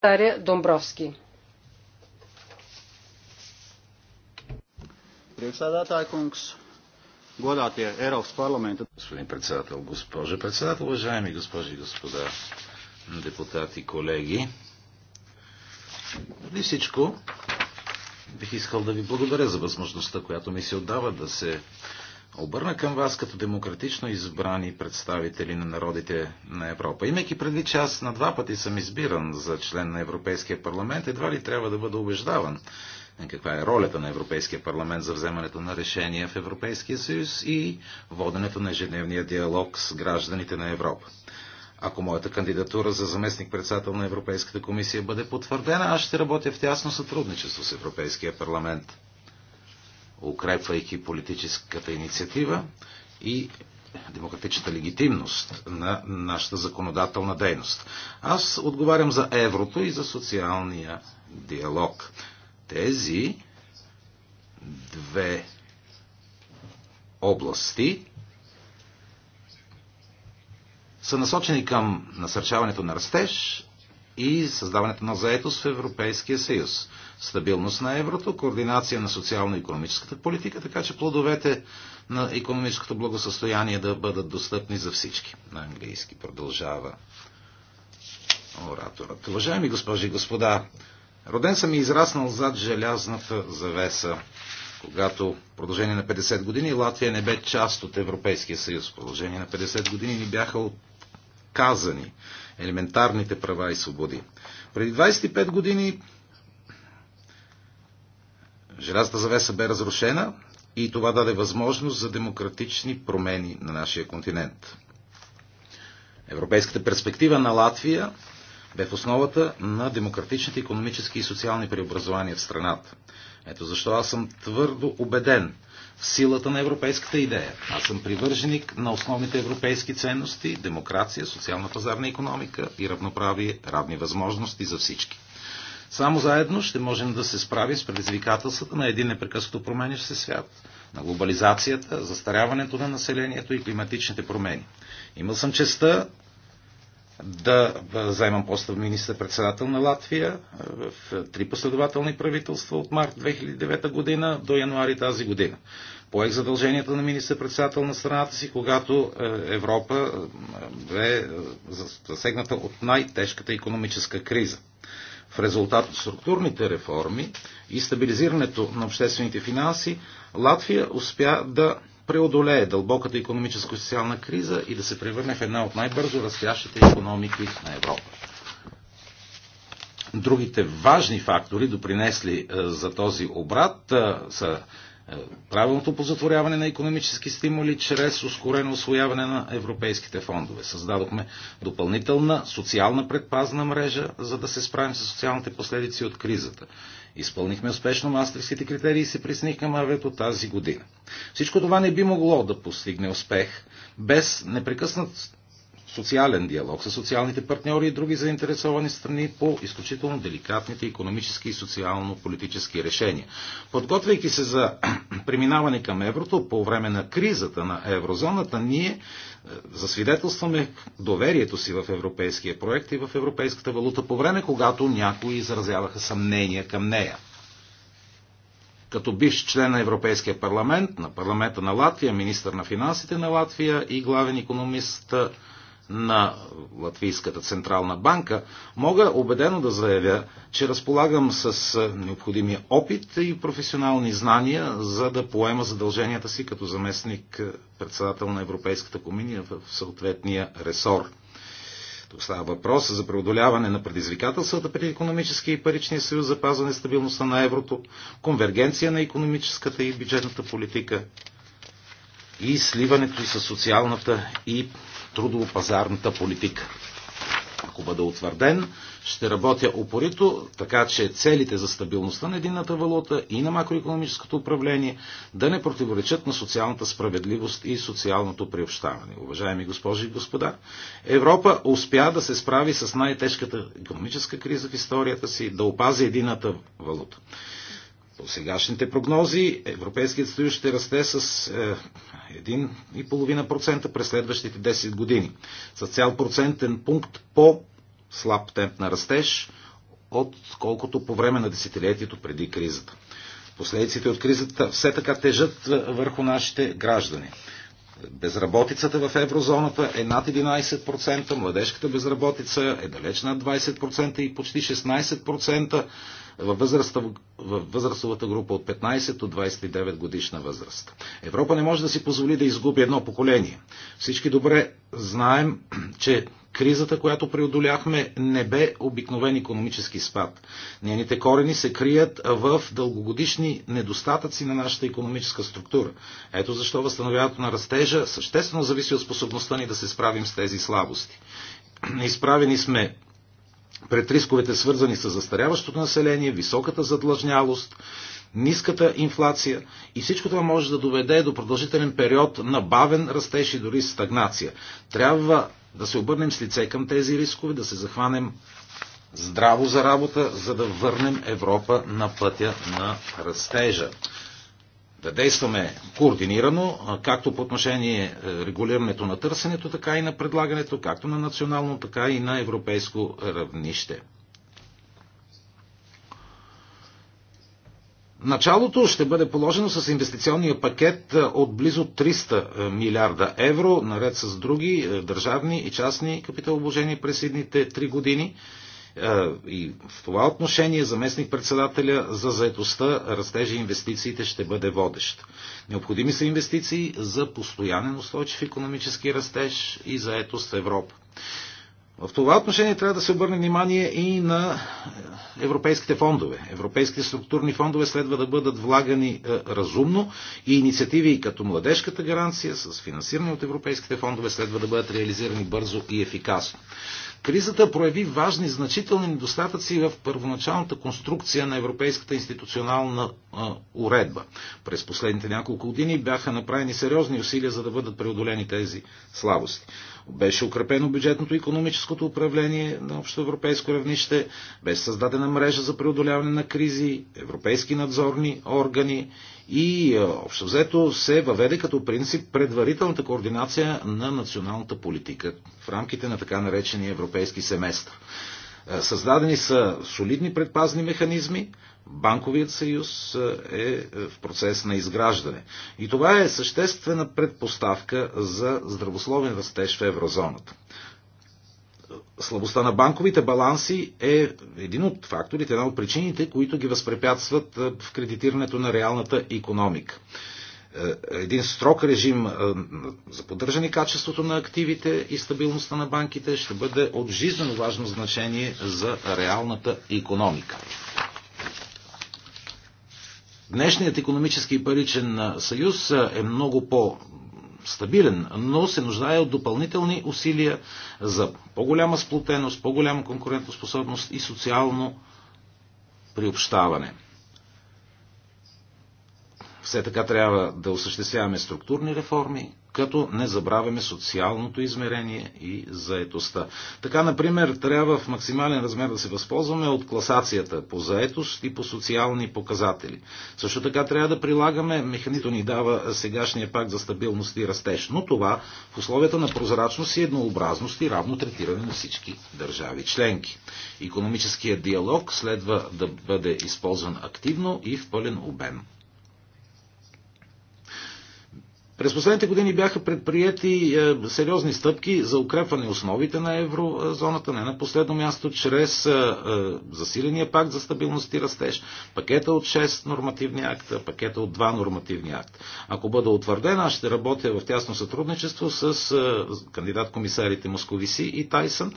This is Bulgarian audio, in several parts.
Таря Домбровски. Е Господин председател, госпожа председател, уважаеми госпожи и господа депутати, колеги. Преди всичко, бих искал да ви благодаря за възможността, която ми се отдава да се обърна към вас като демократично избрани представители на народите на Европа. Имайки предвид, че аз на два пъти съм избиран за член на Европейския парламент, едва ли трябва да бъда убеждаван е, каква е ролята на Европейския парламент за вземането на решения в Европейския съюз и воденето на ежедневния диалог с гражданите на Европа. Ако моята кандидатура за заместник-председател на Европейската комисия бъде потвърдена, аз ще работя в тясно сътрудничество с Европейския парламент укрепвайки политическата инициатива и демократичната легитимност на нашата законодателна дейност. Аз отговарям за еврото и за социалния диалог. Тези две области са насочени към насърчаването на растеж и създаването на заетост в Европейския съюз. Стабилност на еврото, координация на социално-економическата политика, така че плодовете на економическото благосъстояние да бъдат достъпни за всички. На английски продължава ораторът. Уважаеми госпожи и господа, роден съм и израснал зад желязната завеса когато в продължение на 50 години Латвия не бе част от Европейския съюз. В продължение на 50 години ни бяха отказани елементарните права и свободи. Преди 25 години желязната завеса бе разрушена и това даде възможност за демократични промени на нашия континент. Европейската перспектива на Латвия бе в основата на демократичните економически и социални преобразования в страната. Ето защо аз съм твърдо убеден – силата на европейската идея. Аз съм привърженик на основните европейски ценности демокрация, социална пазарна економика и равноправие, равни възможности за всички. Само заедно ще можем да се справим с предизвикателствата на един непрекъснато променящ се свят, на глобализацията, застаряването на населението и климатичните промени. Имал съм честа да заемам поста министър-председател на Латвия в три последователни правителства от март 2009 година до януари тази година. Поех задълженията на министър-председател на страната си, когато Европа бе засегната от най-тежката економическа криза. В резултат от структурните реформи и стабилизирането на обществените финанси, Латвия успя да преодолее дълбоката економическа и социална криза и да се превърне в една от най-бързо растящите економики на Европа. Другите важни фактори, допринесли е, за този обрат, е, са е, правилното позатворяване на економически стимули чрез ускорено освояване на европейските фондове. Създадохме допълнителна социална предпазна мрежа, за да се справим с социалните последици от кризата. Изпълнихме успешно мастерските критерии и се присних към авето тази година. Всичко това не би могло да постигне успех без непрекъснат социален диалог с социалните партньори и други заинтересовани страни по изключително деликатните економически и социално-политически решения. Подготвяйки се за преминаване към еврото по време на кризата на еврозоната, ние е, засвидетелстваме доверието си в европейския проект и в европейската валута по време, когато някои изразяваха съмнения към нея като бивш член на Европейския парламент, на парламента на Латвия, министър на финансите на Латвия и главен економист е, на Латвийската централна банка, мога убедено да заявя, че разполагам с необходимия опит и професионални знания, за да поема задълженията си като заместник е, председател на Европейската комисия в съответния ресор. Тук става въпрос за преодоляване на предизвикателствата при економически и паричния съюз, запазване стабилността на еврото, конвергенция на економическата и бюджетната политика, и сливането с социалната и трудово-пазарната политика. Ако бъда утвърден, ще работя упорито, така че целите за стабилността на единната валута и на макроекономическото управление да не противоречат на социалната справедливост и социалното приобщаване. Уважаеми госпожи и господа, Европа успя да се справи с най-тежката економическа криза в историята си, да опази едината валута. По сегашните прогнози Европейският съюз ще расте с 1,5% е, през следващите 10 години. С цял процентен пункт по слаб темп на растеж, отколкото по време на десетилетието преди кризата. Последиците от кризата все така тежат е, върху нашите граждани. Безработицата в еврозоната е над 11%, младежката безработица е далеч над 20% и почти 16% във, възрастовата група от 15 до 29 годишна възраст. Европа не може да си позволи да изгуби едно поколение. Всички добре знаем, че Кризата, която преодоляхме, не бе обикновен економически спад. Нените корени се крият в дългогодишни недостатъци на нашата економическа структура. Ето защо възстановяването на растежа съществено зависи от способността ни да се справим с тези слабости. Изправени сме пред рисковете свързани с застаряващото население, високата задлъжнялост, ниската инфлация и всичко това може да доведе до продължителен период на бавен растеж и дори стагнация. Трябва да се обърнем с лице към тези рискове, да се захванем здраво за работа, за да върнем Европа на пътя на растежа. Да действаме координирано, както по отношение е, регулирането на търсенето, така и на предлагането, както на национално, така и на европейско равнище. Началото ще бъде положено с инвестиционния пакет е, от близо 300 е, милиарда евро, наред с други е, държавни и частни капиталобложения през едните три години. И в това отношение заместник председателя за заедостта, растежа и инвестициите ще бъде водещ. Необходими са инвестиции за постоянен устойчив економически растеж и заедост в Европа. В това отношение трябва да се обърне внимание и на е, европейските фондове. Европейските структурни фондове следва да бъдат влагани е, разумно и инициативи като младежката гаранция с финансиране от европейските фондове следва да бъдат реализирани бързо и ефикасно. Кризата прояви важни, значителни недостатъци в първоначалната конструкция на европейската институционална а, уредба. През последните няколко години бяха направени сериозни усилия за да бъдат преодолени тези слабости. Беше укрепено бюджетното и економическото управление на общоевропейско равнище, беше създадена мрежа за преодоляване на кризи, европейски надзорни органи и е, общо взето се въведе като принцип предварителната координация на националната политика в рамките на така наречения европейски семестър. Е, създадени са солидни предпазни механизми, банковият съюз е, е в процес на изграждане. И това е съществена предпоставка за здравословен растеж в еврозоната слабостта на банковите баланси е един от факторите, една от причините, които ги възпрепятстват е, в кредитирането на реалната економика. Е, един строг режим е, за поддържане качеството на активите и стабилността на банките ще бъде от жизненно важно значение за реалната економика. Днешният економически и паричен съюз е много по стабилен, но се нуждае от допълнителни усилия за по-голяма сплотеност, по-голяма конкурентоспособност и социално приобщаване. Все така трябва да осъществяваме структурни реформи, като не забравяме социалното измерение и заетостта. Така, например, трябва в максимален размер да се възползваме от класацията по заетост и по социални показатели. Също така трябва да прилагаме механито ни дава сегашния пакт за стабилност и растеж, но това в условията на прозрачност и еднообразност и равно третиране на всички държави членки. Економическият диалог следва да бъде използван активно и в пълен обем. През последните години бяха предприяти е, сериозни стъпки за укрепване основите на еврозоната, не на последно място, чрез е, е, засиления пакт за стабилност и растеж, пакета от 6 нормативни акта, пакета от 2 нормативни акта. Ако бъда утвърдена, аз ще работя в тясно сътрудничество с кандидат-комисарите Московиси и Тайсън,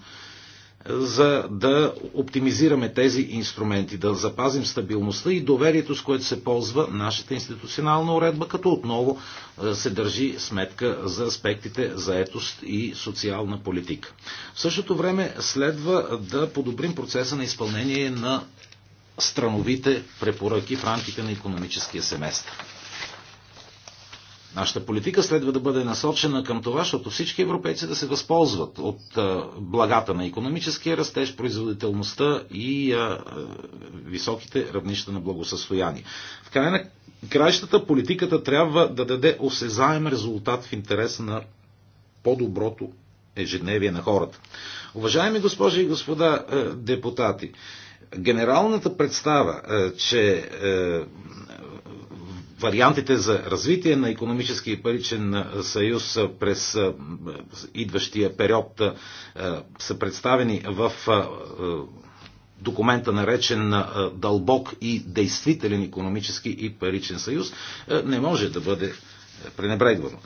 за да оптимизираме тези инструменти, да запазим стабилността и доверието, с което се ползва нашата институционална уредба, като отново е, се държи сметка за аспектите заетост и социална политика. В същото време следва да подобрим процеса на изпълнение на страновите препоръки в рамките на економическия семестър. Нашата политика следва да бъде насочена към това, защото всички европейци да се възползват от благата на економическия растеж, производителността и високите равнища на благосъстояние. В край на краищата политиката трябва да даде осезаем резултат в интерес на по-доброто ежедневие на хората. Уважаеми госпожи и господа депутати, генералната представа, че вариантите за развитие на економически и паричен съюз през идващия период са представени в документа наречен дълбок и действителен економически и паричен съюз, не може да бъде пренебрегвано.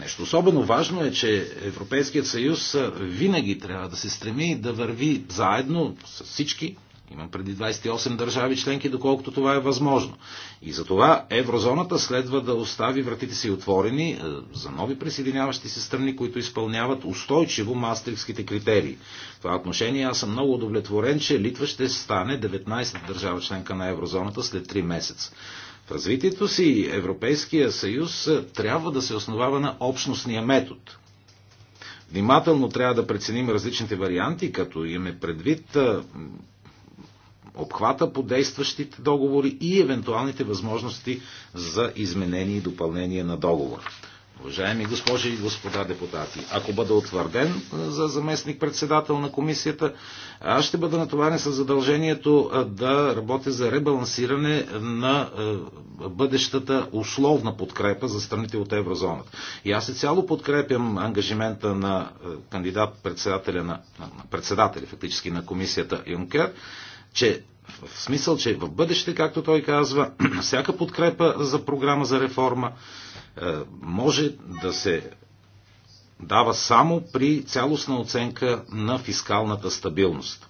Нещо особено важно е, че Европейският съюз винаги трябва да се стреми да върви заедно с всички Имам преди 28 държави членки, доколкото това е възможно. И затова еврозоната следва да остави вратите си отворени е, за нови присъединяващи се страни, които изпълняват устойчиво мастрихските критерии. В това отношение аз съм много удовлетворен, че Литва ще стане 19 та държава членка на еврозоната след 3 месеца. В развитието си Европейския съюз е, трябва да се основава на общностния метод – Внимателно трябва да преценим различните варианти, като имаме предвид е, обхвата по действащите договори и евентуалните възможности за изменение и допълнение на договора. Уважаеми госпожи и господа депутати, ако бъда утвърден за заместник-председател на комисията, аз ще бъда натоварен с задължението да работя за ребалансиране на бъдещата условна подкрепа за страните от еврозоната. И аз се цяло подкрепям ангажимента на кандидат-председателя на, на председателя фактически на комисията Юнкер че в смисъл, че в бъдеще, както той казва, всяка подкрепа за програма за реформа е, може да се дава само при цялостна оценка на фискалната стабилност.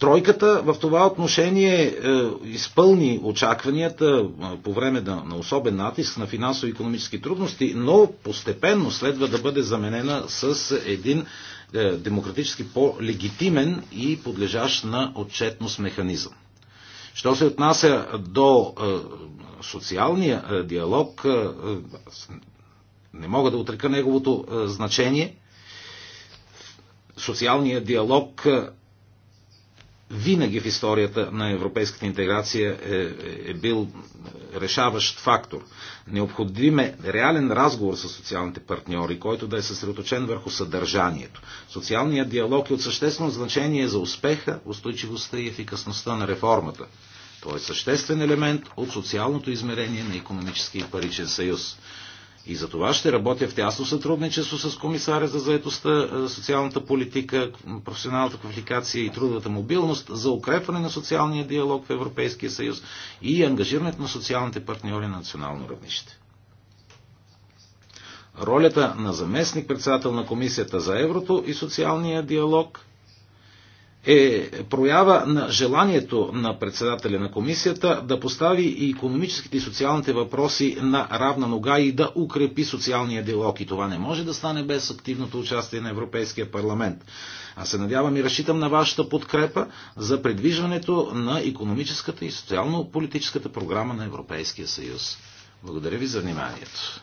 Тройката в това отношение е, изпълни очакванията е, по време на, на особен натиск на финансово-економически трудности, но постепенно следва да бъде заменена с един е, демократически по-легитимен и подлежащ на отчетност механизъм. Що се отнася до е, социалния е, диалог, е, не мога да отрека неговото е, значение. Социалният диалог е, винаги в историята на европейската интеграция е, е бил решаващ фактор. Необходим е реален разговор с социалните партньори, който да е съсредоточен върху съдържанието. Социалният диалог е от съществено значение за успеха, устойчивостта и ефикасността на реформата. Той е съществен елемент от социалното измерение на економически и паричен съюз. И за това ще работя в тясно сътрудничество с комисаря за заедостта, е, социалната политика, професионалната квалификация и трудовата мобилност за укрепване на социалния диалог в Европейския съюз и ангажирането на социалните партньори на национално равнище. Ролята на заместник-председател на Комисията за еврото и социалния диалог – е проява на желанието на председателя на комисията да постави и економическите и социалните въпроси на равна нога и да укрепи социалния диалог. И това не може да стане без активното участие на Европейския парламент. Аз се надявам и разчитам на вашата подкрепа за предвижването на економическата и социално-политическата програма на Европейския съюз. Благодаря ви за вниманието.